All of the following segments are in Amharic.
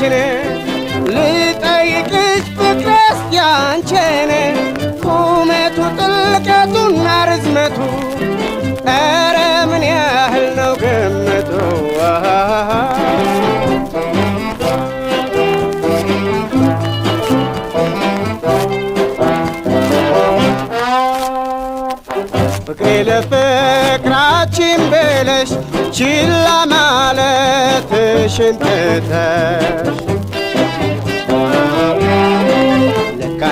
watching it. ችም ብለሽ ችላ ማለትሽን ትተሽ ልክ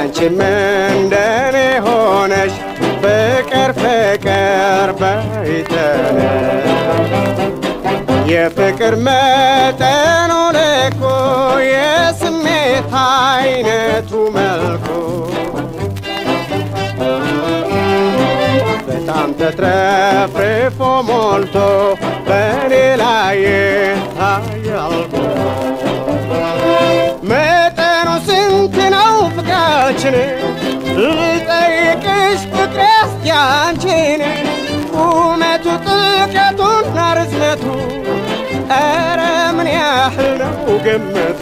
እንደኔ ሆነሽ ፍቅር ፍቅር በይተነ የፍቅር መጠኑ ልኩ የስሜት አይነቱ መልኩ አንተ ትረፍርፎ ሞልቶ በእኔ ላይ ታያል። መጠኑ ስንት ነው ፍቅራችን? ልጠይቅሽ ፍቅሬ እስቲ አንቺን ቁመቱ ጥልቀቱና ርዝመቱ ኧረ ምን ያህል ነው ግምቱ?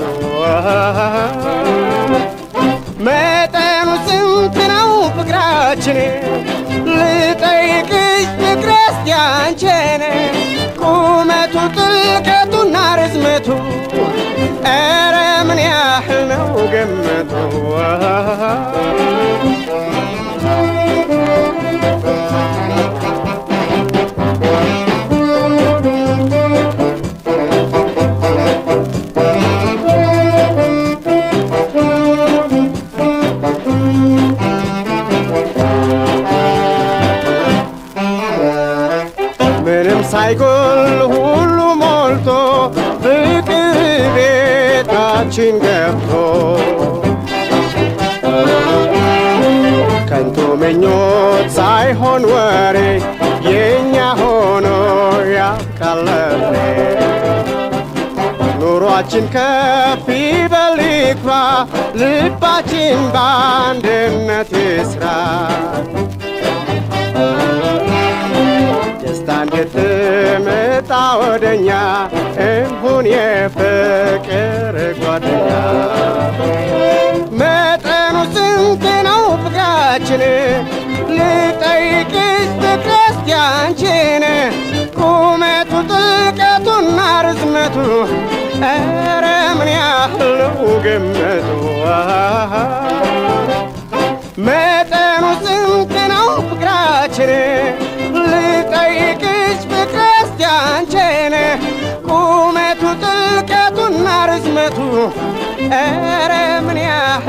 መጠኑ ስንት ነው ፍቅራችን? ልጠይቅሽ ፍቅረስቲ ቁመቱ ጥልቀቱና ርዝመቱ ኧረ ምን ያህል ነው ገመቱ ሳይጎል ሁሉ ሞልቶ ፍቅር ቤታችን ገብቶ ከንቱ ምኞት ሳይሆን ወሬ የእኛ ሆኖ ያቃለፍሬ ኑሯችን ከፍ ይበል ይኩራ፣ ልባችን በአንድነት ይስራ። ትመጣ ወደኛ እሁን የፍቅር ጓደኛ መጠኑ ስንት ነው ፍቅራችን ልጠይቅስ ትቅረስቲ ቁመቱ ጥልቀቱና ርዝመቱ ኧረ ምን ያህል ነው ግመቱ ውበቱ ኧረ ምን ያህል